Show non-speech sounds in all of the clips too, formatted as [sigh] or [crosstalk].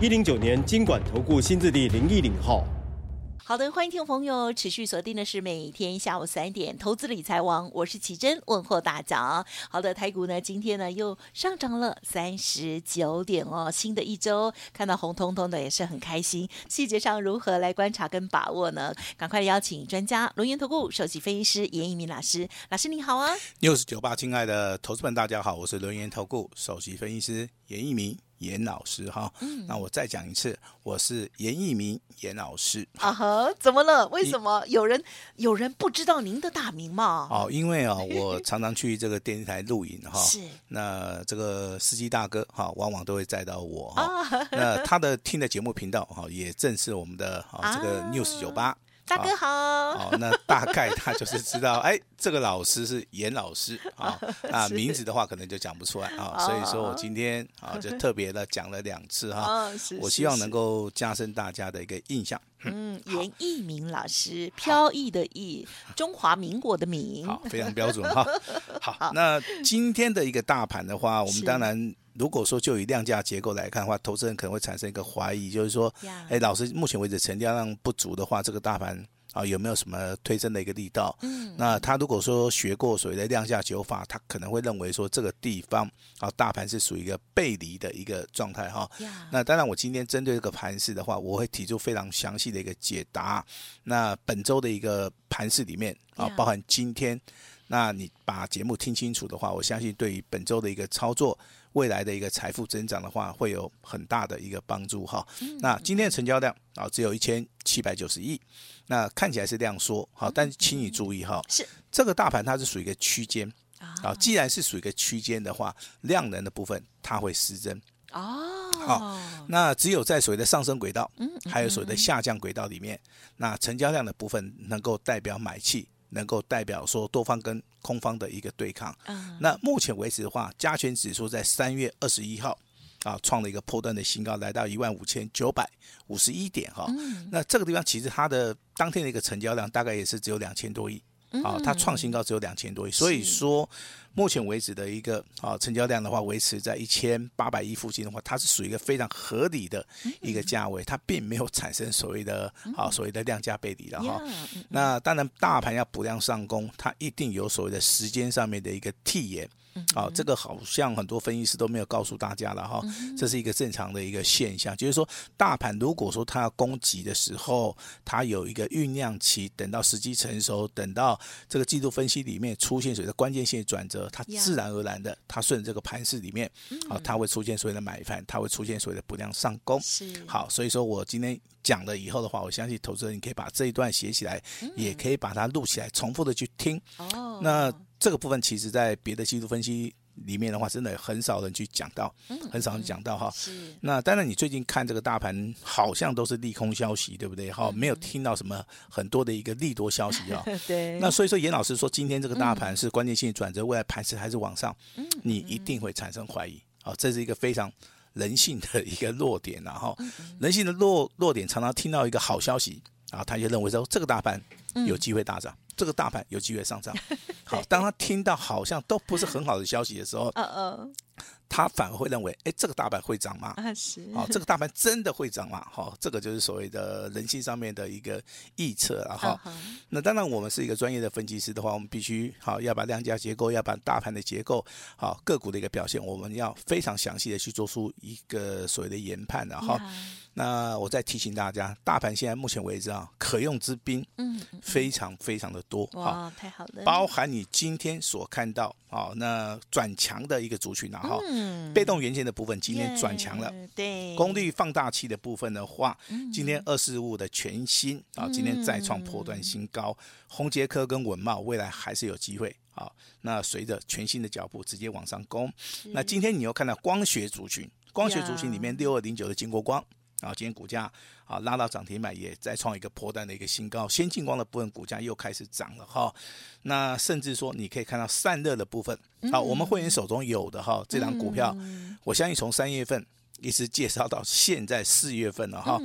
一零九年金管投顧新字第零一零號。好的，歡迎聽眾朋友持續鎖定的是每天下午三點投資理財王，我是琦蓁問候大家。好的，台股呢今天呢又上漲了三十九點哦，新的一周看到紅彤彤的也是很開心。細節上如何來觀察跟把握呢？趕快邀請專家倫元投顧首席分析師顏逸民老師，老師你好啊。News 九八，親愛的投資者們，大家好，我是倫元投顧首席分析師顏逸民。顏老師哈，那我再講一次，嗯、我是顏逸民，顏老師啊。呵、uh，huh，怎麼了？為什麼有人因有人不知道您的大名嗎？哦，因為啊、哦，我常常去這個電視台錄影哈，是、 [laughs] 哦、那這個司機大哥哈、哦，往往都會載到我啊。 [laughs] 那他的聽的節目頻道哈、哦，也正是我們的啊、哦、這個 News 九八。啊大哥好，那大概他就是知道，哎，這個老師是顏老師啊，啊，名字的話可能就講不出來啊，所以說我今天啊就特別的講了兩次哈，我希望能夠加深大家的一個印象。嗯，顏逸民老師，飄逸的逸，中華民國的民，好，非常標準哈。好，那今天的一個大盤的話，我們當然。如果說就以量價結構來看的話，投資人可能會產生一個懷疑，就是說，Yeah. 哎，老師，目前為止成交量，量不足的話，這個大盤啊有沒有什麼推升的一個力道？嗯、那他如果說學過所謂的量價九法，他可能會認為說這個地方啊，大盤是屬於一個背離的一個狀態哈。啊、Yeah. 那當然，我今天針對這個盤勢的話，我會提出非常詳細的一個解答。那本周的一個盤勢裡面啊，Yeah. 包含今天。那你把節目聽清楚的話，我相信對於本周的一個操作，未來的一個財富增長的話，會有很大的一個幫助哈。嗯嗯嗯，那今天的成交量啊、哦，只有一千七百九十億，那看起來是量縮，哈、哦，但是請你注意哈，哦、是這個大盤它是屬於一個區間啊、哦。既然是屬於一個區間的話，量能的部分它會失真哦。好、哦，那只有在所謂的上升軌道，還有所謂的下降軌道裡面，嗯嗯嗯，那成交量的部分能夠代表買氣。能夠代表說多方跟空方的一個對抗，嗯、那目前為止的話，加權指數在三月二十一號，啊，創了一個波段的新高，來到一萬五千九百五十一點哈，哦、嗯、那這個地方其實它的當天的一個成交量大概也是只有兩千多億。啊、哦，它創新高只有兩千多億，是所以說，目前為止的一個啊成交量的話，維持在一千八百億附近的話，它是屬於一個非常合理的一個價位，嗯嗯它並沒有產生所謂的啊所謂的量價背離的哈。嗯嗯哦、那當然，大盤要補量上攻，它一定有所謂的時間上面的一個遞延。好、哦，這個好像很多分析師都沒有告訴大家了哈，這是一個正常的一個現象，嗯、哼就是說大盤如果說它要攻擊的時候，它有一個醞釀期，等到時機成熟，等到這個季度分析裡面出現所謂的關鍵性轉折，它自然而然的，Yeah. 它順著這個盤勢裡面，啊、嗯，它會出現所謂的買盤，它會出現所謂的不量上攻。是好，所以說我今天講了以後的話，我相信投資人你可以把這一段寫起來，嗯、也可以把它錄起來，重複的去聽。哦，那。這個部分其實，在別的技術分析裡面的話，真的很少人去講到，嗯、很少人講到哈。是那當然，你最近看這個大盤好像都是利空消息，對不對？哈、嗯，沒有聽到什麼很多的一個利多消息啊。對、嗯。那所以說，顏老師說今天這個大盤是關鍵性轉折，未來盤勢還是往上，嗯、你一定會產生懷疑。啊、嗯，這是一個非常人性的一個弱點、啊，然後、嗯、人性的弱弱點，常常聽到一個好消息啊，然後他就認為說這個大盤有機會大漲。嗯這個大盤有機會上漲，好，當他聽到好像都不是很好的消息的時候， [laughs] 哦哦，他反而會認為，誒，這個大盤會漲嗎？啊、是，好、哦，這個大盤真的會漲嗎？好、哦，這個就是所謂的人性上面的一個臆測了哈。哦、 [laughs] 那當然，我們是一個專業的分析師的話，我們必須好、哦，要把量價結構，要把大盤的結構，好、哦、個股的一個表現，我們要非常詳細的去做出一個所謂的研判的哈。Yeah. 哦那我再提醒大家，大盤現在目前為止啊，可用之兵，嗯，非常非常的多。嗯嗯、哇，太好了！包含你今天所看到啊，那轉強的一個族群啊，嗯，被動元件的部分今天轉強了，對，功率放大器的部分的話，嗯、今天二四五的全新啊，今天再創波段新高。嗯、宏捷科跟穩懋未來還是有機會啊。那隨着全新的腳步直接往上攻。是那今天你又看到光學族群，光學族群裡面六二零九的今國光。啊，今天股價啊拉到漲停板，也再創一個波段的一個新高。先進光的部分股價又開始漲了哈，那甚至說你可以看到散熱的部分，好，我們會員手中有的哈，這檔股票，我相信從三月份。一直介紹到現在四月份了哈，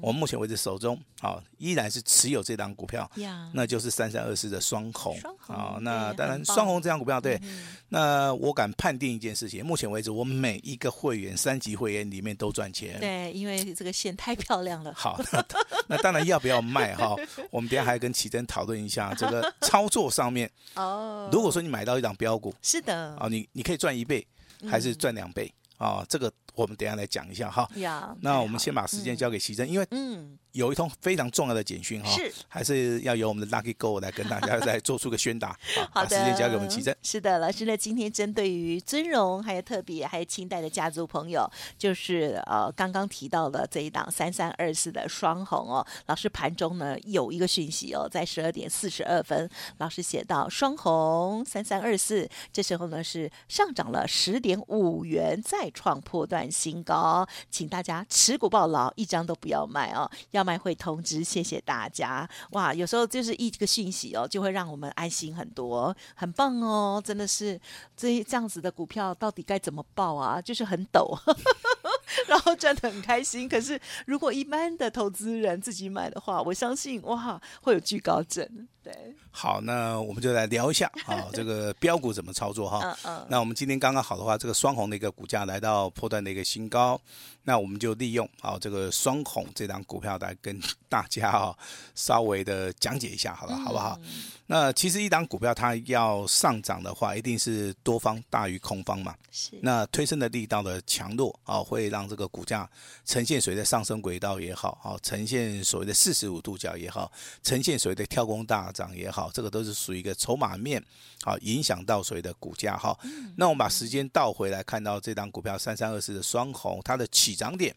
我目前為止手中好依然是持有這檔股票，那就是三三二四的雙紅啊。那當然雙紅這檔股票對，那我敢判定一件事情，目前為止我每一個會員三級會員裡面都賺錢，對，因為這個線太漂亮了。好，那當然要不要賣哈？我們等下還要跟琦蓁討論一下這個操作上面。哦，如果說你買到一檔飆股，是的，哦，你你可以賺一倍還是賺兩倍？哦，這個我們等一下來講一下哈。Yeah, 那我們先把時間交給琦蓁，嗯、因為嗯。有一通非常重要的簡訊哈，是還是要由我們的 Lucky Go 來跟大家再做出個宣達， [laughs] 好的，時間交給我們琦蓁。是的，老師呢，今天針對於尊榮，還有特別，還有清代的家族朋友，就是呃剛剛提到的這一檔三三二四的雙鴻哦，老師盤中呢有一個訊息哦，在十二點四十二分，老師寫到雙鴻三三二四，4, 這時候呢是上漲了十點五元，再創波段新高，請大家持股抱牢一張都不要賣哦，要。拍賣會通知，謝謝大家。哇，有時候就是一個訊息哦、喔，就會讓我們安心很多，很棒哦、喔，真的是。這這樣子的股票到底該怎麼報啊？就是很陡， [laughs] 然後賺得很開心。可是如果一般的投資人自己買的話，我相信哇，會有懼高症。對，好，那我們就來聊一下，啊、 [laughs] 哦，這個飆股怎麼操作哈。 [laughs] uh, uh, 那我們今天剛剛好的話，這個雙紅的一個股價來到波段的一個新高，那我們就利用啊、哦，這個雙紅這檔股票來跟大家哈、哦、稍微的講解一下，好了，好不好？嗯、那其實一檔股票它要上漲的話，一定是多方大於空方嘛。是。那推升的力道的強弱啊、哦，會讓這個股價呈現所謂的上升軌道也好，啊，呈現所謂的四十五度角也好，呈現所謂的跳空大。漲也好，這個都是屬於一個籌碼面，好、啊、影響到誰的股價哈。啊嗯、那我們把時間倒回來看到這張股票三三二四的雙紅，它的起漲點，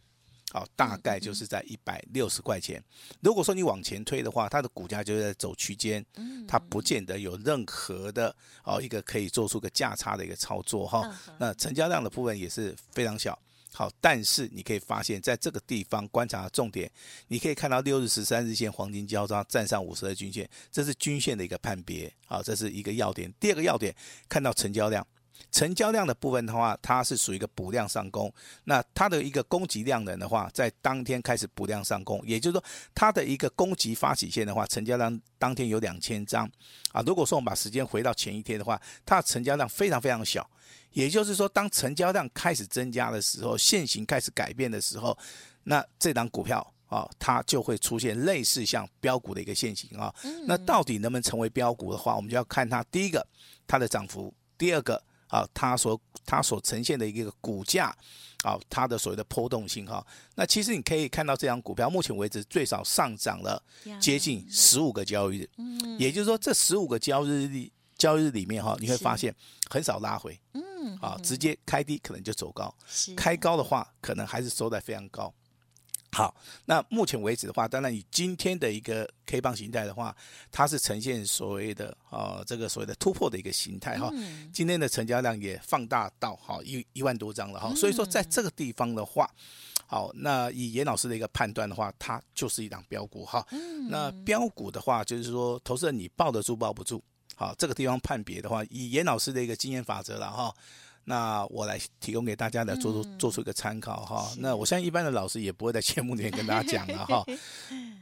好、啊、大概就是在一百六十塊錢。嗯嗯、如果說你往前推的話，它的股價就在走區間，它不見得有任何的好、啊，一個可以做出個價差的一個操作哈。啊嗯、那成交量的部分也是非常小。好，但是你可以發現，在這個地方觀察的重點，你可以看到六日、十三日線黃金交叉站上五十日均線，這是均線的一個判別。好，這是一個要點。第二個要點，看到成交量。成交量的部分的話，它是屬於一個補量上攻。那它的一個攻擊量能的話，在當天開始補量上攻，也就是說，它的一個攻擊發起線的話，成交量當天有兩千張。啊，如果說我們把時間回到前一天的話，它的成交量非常非常小。也就是說，當成交量開始增加的時候，線型開始改變的時候，那這檔股票啊、哦，它就會出現類似像飆股的一個線型啊。哦嗯、那到底能不能成為飆股的話，我們就要看它第一個它的漲幅，第二個。啊，它所它所呈現的一個股價，啊，它的所謂的波動性哈、啊，那其實你可以看到，這張股票目前為止最少上漲了接近十五個交易日，嗯，也就是說這十五個交易日裡交易日裡面哈，嗯、你會發現很少拉回，嗯是，啊，直接開低可能就走高，是、嗯、開高的話可能還是收在非常高。好，那目前為止的話，當然以今天的一個 K 棒形態的話，它是呈現所謂的啊、哦、這個所謂的突破的一個形態哈。嗯、今天的成交量也放大到好、哦、一一萬多張了哈，嗯、所以說在這個地方的話，好，那以顏老師的一個判斷的話，它就是一檔飆股哈。哦嗯、那飆股的話，就是說投資人你抱得住抱不住，好、哦，這個地方判別的話，以顏老師的一個經驗法則了哈。哦那我來提供給大家來做出做，做出一個參考哈、哦嗯。那我相信一般的老師也不會在節目裡面跟大家講了哈。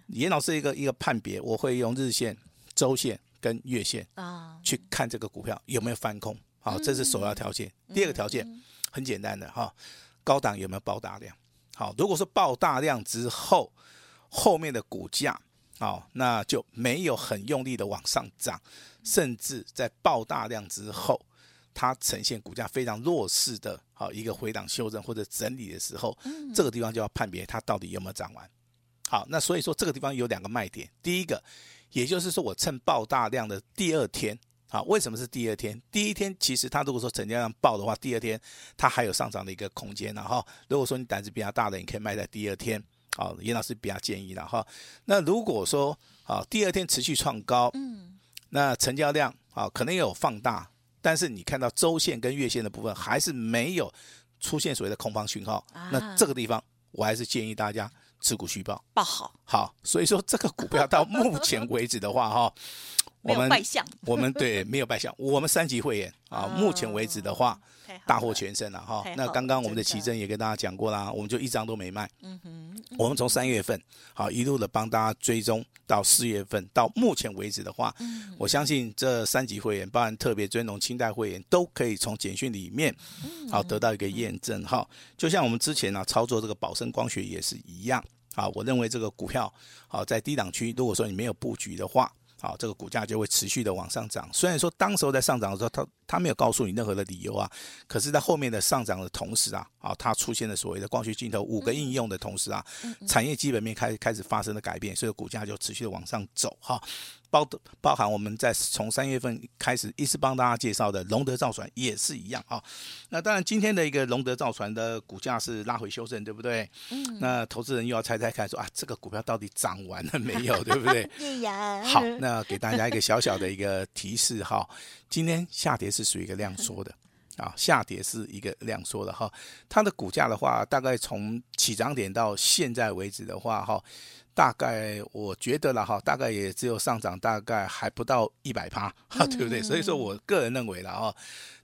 顏老師一個一個判別，我會用日線、周線跟月線啊去看這個股票有沒有翻空，好、嗯哦，這是首要條件。嗯、第二個條件、嗯、很簡單的哈、哦，高檔有沒有爆大量？好、哦，如果說爆大量之後後面的股價好、哦，那就沒有很用力的往上漲，甚至在爆大量之後。它呈現股價非常弱勢的啊一個回檔修正或者整理的時候，這個地方就要判別它到底有沒有漲完。好，那所以說這個地方有兩個賣點，第一個，也就是說我趁爆大量的第二天，啊，為什麼是第二天？第一天其實它如果說成交量爆的話，第二天它還有上漲的一個空間。然後如果說你膽子比較大的，你可以賣在第二天，好，顏老師比較建議了哈。那如果說啊第二天持續創高，那成交量啊可能也有放大。但是你看到週線跟月線的部分還是沒有出現所謂的空方訊號，啊、那這個地方我還是建議大家持股續抱，抱好。好，所以說這個股票到目前為止的話，哈。 [laughs] 我們我們，對，沒有敗象，我們三級會員 [laughs] 啊，目前為止的話，嗯、大獲全勝了哈。那剛剛我們的琦蓁也跟大家講過啦，我們就一張都沒賣。嗯哼，嗯哼，我們從三月份好、啊、一路的幫大家追蹤到四月份，到目前為止的話，嗯、哼我相信這三級會員，包含特別尊榮、清代會員，都可以從簡訊裡面好、啊、得到一個驗證。哈、啊，嗯、哼就像我們之前呢、啊、操作這個保勝光學也是一樣。啊，我認為這個股票好、啊、在低檔區，如果說你沒有佈局的話。好，這個股價就會持續的往上漲。雖然說當時候在上漲的時候，它它沒有告訴你任何的理由啊，可是，在後面的上漲的同時啊，啊，它出現了所謂的光學鏡頭五個應用的同時啊，產業基本面開始開始發生了改變，所以股價就持續的往上走哈。啊包包含我們在從三月份開始一直幫大家介紹的龍德造船也是一樣啊、哦。那當然，今天的一個龍德造船的股價是拉回修正，對不對？那投資人又要猜猜看，說啊，這個股票到底漲完了沒有，對不對？對好，那給大家一個小小的一個提示哈、哦，今天下跌是屬於一個量縮的。啊，下跌是一個量縮的哈，它的股價的話，大概從起漲點到現在為止的話，哈，大概我覺得了哈，大概也只有上漲大概還不到一百趴，哈，對不對？嗯嗯所以說我個人認為的啊，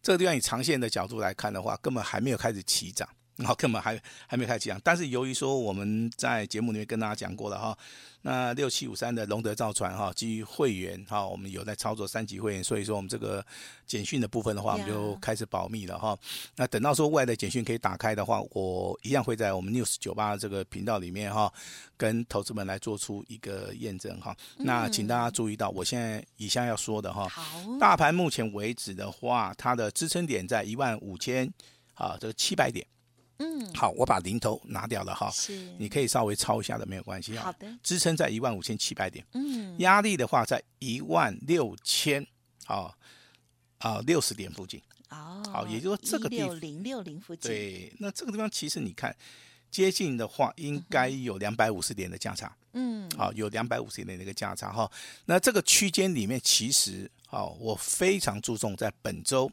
這個地方以長線的角度來看的話，根本還沒有開始起漲。好，根本還還沒開始講。但是由於說我們在節目裡面跟大家講過了哈，那六七五三的龍德造船哈，基於會員哈，我們有在操作三級會員，所以說我們這個簡訊的部分的話，我們就開始保密了哈。Yeah. 那等到說未來的簡訊可以打開的話，我一樣會在我們 News 九八這個頻道裡面哈，跟投資們來做出一個驗證哈。那請大家注意到，我現在以下要說的哈，大盤目前為止的話，它的支撐點在一萬五千啊，這個七百點。嗯，好，我把零頭拿掉了哈，是，你可以稍微抄一下的，沒有關係啊。好的，支撐在一萬五千七百點，嗯，壓力的話在一萬六千，哦，啊、呃，六十點附近，哦，好，也就是說這個地方一六零六零附近，對，那這個地方其實你看，接近的話應該有兩百五十點的價差，嗯，好、哦，有兩百五十點的一個價差哈、哦，那這個區間裡面其實，好、哦，我非常注重在本週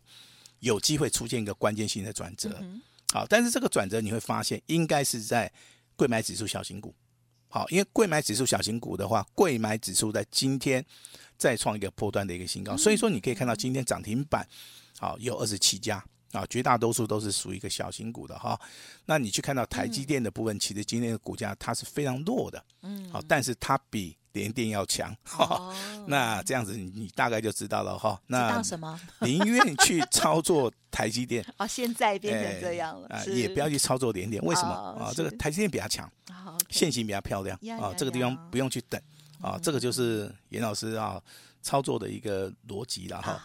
有機會出現一個關鍵性的轉折。嗯好，但是這個轉折你會發現，應該是在櫃買指數小型股。好，因為櫃買指數小型股的話，櫃買指數在今天再創一個波段的一個新高，嗯、所以說你可以看到今天漲停板，有二十七家啊，絕大多數都是屬於一個小型股的哈。那你去看到台積電的部分，嗯、其實今天的股價它是非常弱的，嗯，好，但是它比。聯電要強，那這樣子你大概就知道了哈。知道什麼？寧願去操作台積電。哦，現在變成這樣了，也不要去操作聯電。為什麼啊？這個台積電比較強，線型比較漂亮啊。這個地方不用去等啊。這個就是嚴老師啊操作的一個邏輯了哈。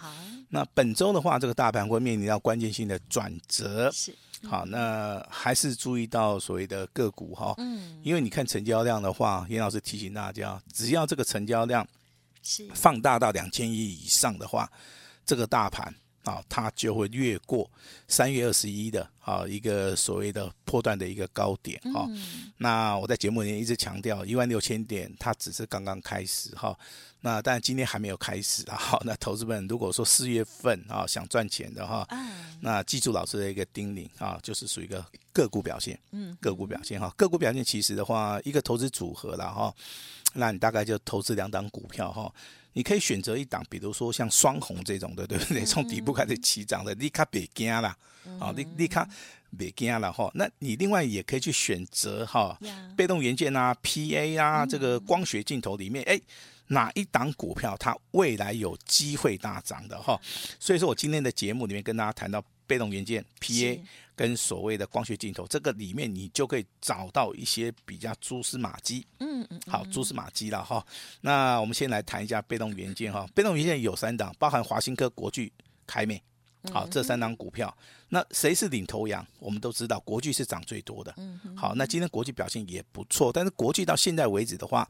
那本周的話，這個大盤會面臨到關鍵性的轉折。好，那還是注意到所謂的個股哈，嗯，因為你看成交量的話，顏老師提醒大家，只要這個成交量放大到兩千億以上的話，這個大盤。啊，它、哦、就會越過三月二十一的啊、哦、一個所謂的波段的一個高點哈、嗯哦，那我在節目裡面一直強調，一萬六千點它只是剛剛開始哈、哦。那但今天還沒有開始哈、哦。那投資們如果說四月份啊、哦、想賺錢的哈，嗯、那記住老師的一個叮嚀啊、哦，就是屬於一個個股表現。嗯。個股表現哈、哦，個股表現其實的話，一個投資組合了哈、哦，那你大概就投資兩檔股票哈。哦你可以選擇一檔，比如說像雙紅這種的，對不對？從底部開始起漲的，你卡別驚啦，好、嗯嗯哦，你你卡別驚了哈。那你另外也可以去選擇哈，被動元件啊、PA 啊，嗯嗯這個光學鏡頭裡面，哎、欸，哪一檔股票它未來有機會大漲的哈？所以說我今天的節目裡面跟大家談到。被動元件 PA 是跟所謂的光學鏡頭，這個裡面你就可以找到一些比較蛛絲馬跡。嗯嗯,嗯嗯，好，蛛絲馬迹了哈。那我們先來談一下被動元件哈。被動元件有三檔，包含華新科、國巨、凱美。好，這三檔股票，嗯嗯嗯那誰是領頭羊？我們都知道國巨是漲最多的。嗯，好，那今天國巨表現也不錯，但是國巨到現在為止的話，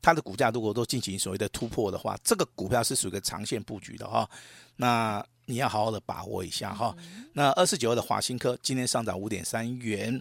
它的股價如果都進行所謂的突破的話，這個股票是屬於個長線布局的哈。那你要好好的把握一下哈，嗯、那二四九二的華新科今天上漲五點三元，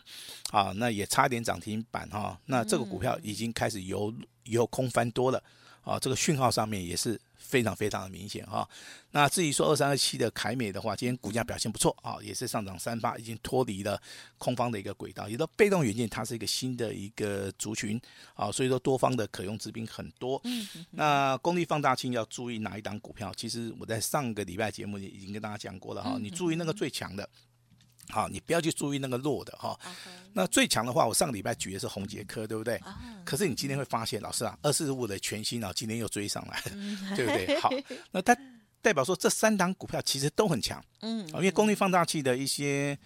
啊，那也差點漲停板哈、啊，那這個股票已經開始由由空翻多了。嗯嗯啊、哦，這個訊號上面也是非常非常的明顯哈、哦，那至於說二三二七的凱美的話，今天股價表現不錯啊、哦，也是上漲三八，已經脫離了空方的一個軌道。也都被動元件它是一個新的一個族群啊、哦，所以說多方的可用之兵很多。嗯、哼哼，那功率放大器要注意哪一檔股票？其實我在上個禮拜節目也已經跟大家講過了哈、哦，你注意那個最強的。嗯哼哼好，你不要去注意那個弱的哈。哦、Okay. 那最強的話，我上禮拜舉的是宏捷科，對不對？Uh. 可是你今天會發現，老師啊，二四五的全新啊，今天又追上來了， [laughs] 對不對？好，那它代表說這三檔股票其實都很強，嗯， [laughs] 因為功率放大器的一些。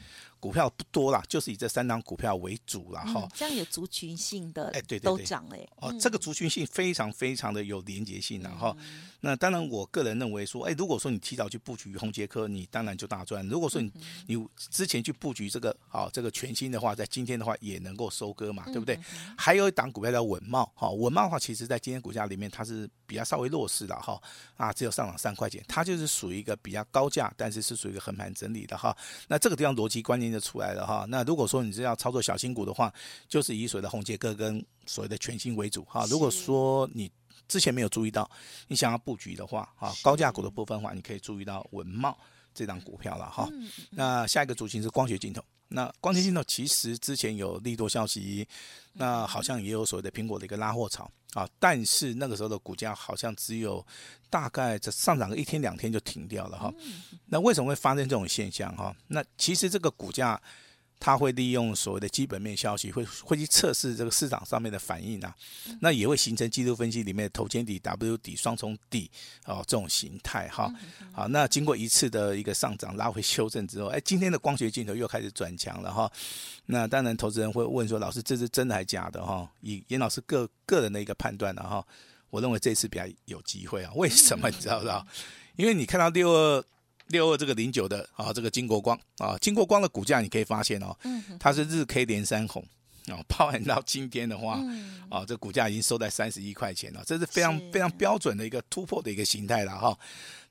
股票不多了，就是以這三檔股票為主了哈、嗯。這樣有族群性的哎、欸，欸、對對對，都漲哎。嗯、哦，這個族群性非常非常的有連結性然、啊、後、嗯、那當然，我個人認為說，哎、欸，如果說你提早去佈局宏捷科，你當然就大賺；如果說你嗯嗯你之前去佈局這個，啊、哦，這個全新的話，在今天的話也能夠收割嘛，對不對？嗯嗯嗯還有一檔股票叫穩懋哈，穩、哦、懋的話，其實在今天股價裡面它是比較稍微弱勢的。哈、哦。啊，只有上漲三塊錢，它就是屬於一個比較高價，但是是屬於一個橫盤整理的哈、哦。那這個地方邏輯關鍵出來的哈，那如果說你是要操作小新股的話，就是以所謂的宏捷科跟所謂的全新為主哈。如果說你之前沒有注意到，你想要布局的話，哈，高價股的部分的話，你可以注意到穩懋這檔股票了哈。那下一個主題是光學鏡頭。那光纖鏡頭其實之前有利多消息，是那好像也有所謂的蘋果的一個拉貨潮啊，嗯、但是那個時候的股價好像只有大概這上漲個一天兩天就停掉了哈。嗯、那為什麼會發生這種現象哈？那其實這個股價。他會利用所謂的基本面消息會，會會去測試這個市場上面的反應啊，那也會形成技術分析裡面的頭肩底、W 底、哦、雙重底哦這種形態哈。好、哦嗯嗯哦，那經過一次的一個上漲拉回修正之後，哎，今天的光學鏡頭又開始轉強了哈、哦。那當然，投資人會問說，老師，這是真的還是假的哈、哦？以嚴老師個個人的一個判斷的哈、哦，我認為這次比較有機會啊。為什麼、嗯嗯、你知道不知道？因為你看到第二。六二這個零九的啊，這個今國光啊，今國光的股價，你可以發現哦，它是日 K 連三紅。嗯啊、哦，包含到今天的話，啊、嗯哦，這股價已經收在三十一塊錢了，這是非常是非常標準的一個突破的一個形態了哈、哦。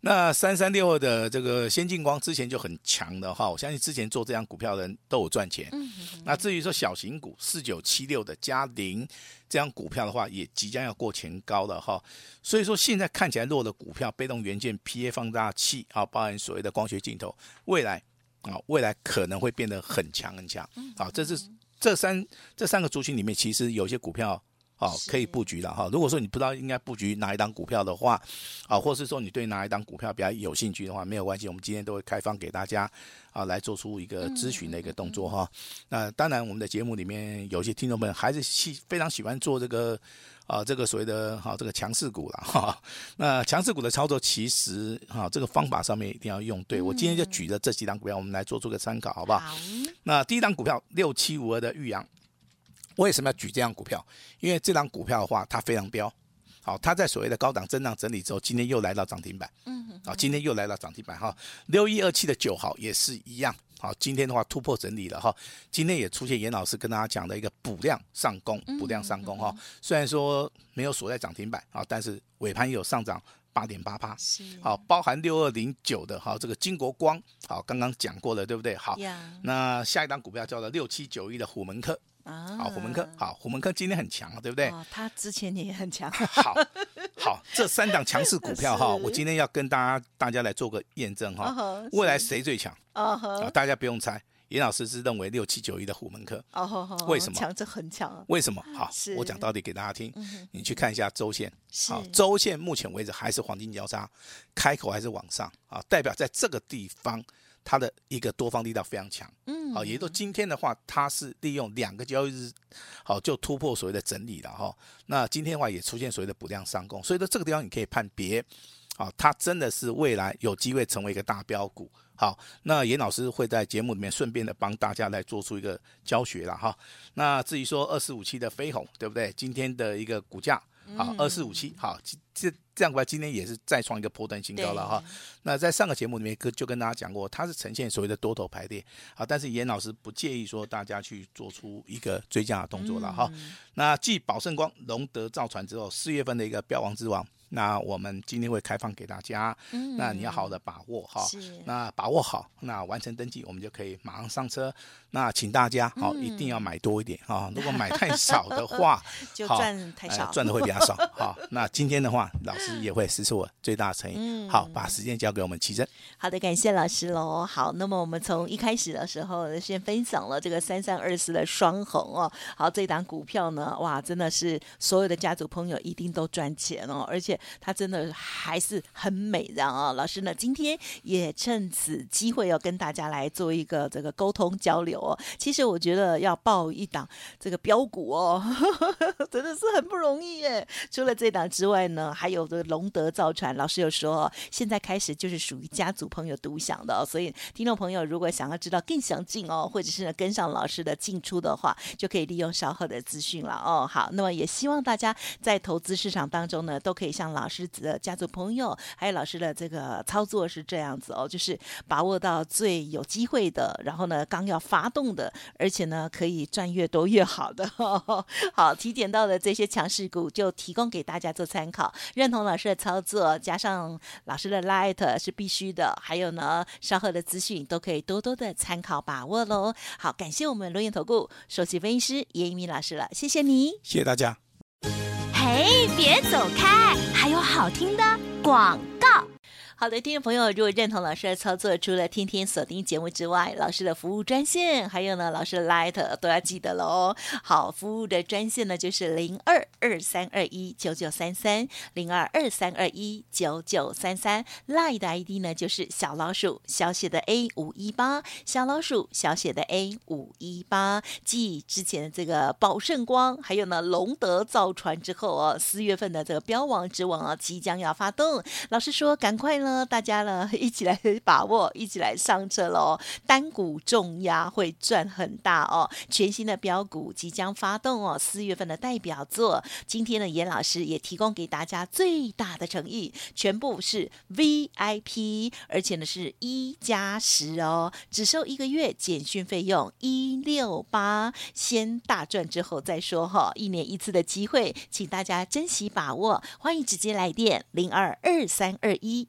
那三三六二的這個先進光之前就很強的哈、哦，我相信之前做這張股票的人都有賺錢。嗯、哼那至於說小型股四九七六的佳凌這張股票的話，也即將要過前高了哈、哦。所以說現在看起來弱的股票，被動元件、P A 放大器啊、哦，包含所謂的光學鏡頭，未來啊、哦，未來可能會變得很強很強。啊、嗯哼哦，這是。這三這三個族群裡面，其實有些股票。是哦，可以布局了哈。如果說你不知道應該布局哪一檔股票的話，啊、哦，或是說你對哪一檔股票比較有興趣的話，沒有關係，我們今天都會開放給大家啊來做出一個諮詢的一個動作哈、嗯嗯嗯哦。那當然，我們的節目裡面有些聽眾們還是喜非常喜歡做這個啊這個所謂的哈、啊、這個強勢股了哈、哈。那強勢股的操作其實哈、啊，這個方法上面一定要用對。嗯嗯我今天就舉了這幾檔股票，我們來做出個參考，好不好？好，那第一檔股票六七五二的玉陽。我為什麼要舉這張股票？因為這張股票的話，它非常飆。好，它在所謂的高檔震盪整理之後，今天又來到漲停板，嗯哼哼，好，今天又來到漲停板哈。六一二七的九號也是一樣，好，今天的話突破整理了哈，今天也出現顏老師跟大家講的一個補量上攻，補、嗯、量上攻哈。雖然說沒有鎖在漲停板啊，但是尾盤有上漲八點八趴，是好，包含六二零九的哈這個金國光，好，剛剛講過了對不對？好 Yeah，那下一張股票叫做六七九一的虎門科。啊，好，虎門科，好，虎門科，今天很強，對不對？他之前也很強。好，好，這三檔強勢股票哈，我今天要跟大家，大家來做個驗證哈，未來誰最強？大家不用猜，顏老師是認為六七九一的虎門科。為什麼？強者很強。為什麼？好，我講到底給大家聽。你去看一下週線，好，週線目前為止還是黃金交叉，開口還是往上啊，代表在這個地方。它的一個多方力量非常強，嗯，嗯，好、啊，也就今天的話，它是利用兩個交易日，好、啊、就突破所謂的整理了哈、啊。那今天的話也出現所謂的補量上攻，所以說這個地方你可以判別，好、啊，它真的是未來有機會成為一個大飆股，好，那顏老師會在節目裡面順便的幫大家來做出一個教學了哈、啊。那至於說二四五七的飛宏，對不對？今天的一個股價，好、啊，嗯嗯二四五七，好。這這樣過來，今天也是再創一個波段新高了對哈。那在上個節目裡面，跟就跟大家講過，它是呈現所謂的多頭排列啊。但是顏老師不介意說大家去做出一個追加的動作了、嗯、哈。那繼寶盛光、龍德造船之後，四月份的一個飆王之王，那我們今天會開放給大家，嗯、那你要好的把握哈。是那把握好，那完成登記，我們就可以馬上上車。那請大家好，嗯、一定要買多一點哈，如果買太少的話， [laughs] 呃呃就賺太少，哎呃、賺的會比較少 [laughs] 哈。那今天的話。老師也會使出我最大誠意。好、啊，把時間交給我們琦蓁。好的，感謝老師嘍。好，那麼我們從一開始的時候先分享了這個三三二四的雙鴻哦。好，這檔股票呢，哇，真的是所有的家族朋友一定都賺錢哦，而且它真的還是很美的、哦。然後老師呢，今天也趁此機會要跟大家來做一個這個溝通交流哦。其實我覺得要報一檔這個飆股哦，呵呵呵真的是很不容易耶。除了這檔之外呢，還有的龍德造船，老師又說、哦，現在開始就是屬於家族朋友獨享的、哦，所以聽眾朋友如果想要知道更詳盡哦，或者是呢跟上老師的進出的話，就可以利用稍後的資訊了哦。好，那麼也希望大家在投資市場當中呢，都可以像老師的家族朋友，還有老師的這個操作是這樣子哦，就是把握到最有機會的，然後呢剛要發動的，而且呢可以賺越多越好的、哦。好，提點到的這些強勢股就提供給大家做參考。認同老師的操作，加上老師的 light 是必須的。還有呢，稍後的資訊都可以多多的參考把握嘍。好，感謝我們倫元投顧首席分析師顏逸民老師了，謝謝你，謝謝大家。嘿，別走開，還有好聽的廣。好的，聽眾朋友，如果認同老師的操作，除了天天鎖定節目之外，老師的服務專線還有呢，老師的 LINE 都要記得哦。好，服務的專線呢，就是零二二三二一九九三三，零二二三二一九九三三。LINE 的 ID 呢，就是小老鼠小寫的 A 五一八，小老鼠小寫的 A 五一八。繼之前的這個寶盛光，還有呢龍德造船之後哦，四月份的這個標王之王啊、哦，即將要發動。老師說，趕快。大家呢，一起來把握，一起來上車嘍！單股重壓會賺很大哦，全新的飆股即將發動哦，四月份的代表作，今天呢，嚴老師也提供給大家最大的誠意，全部是 VIP，而且呢是一加十哦，只收一個月簡訊費用一六八，先大賺之後再說哈、哦，一年一次的機會，請大家珍惜把握，歡迎直接來電零二二三二一。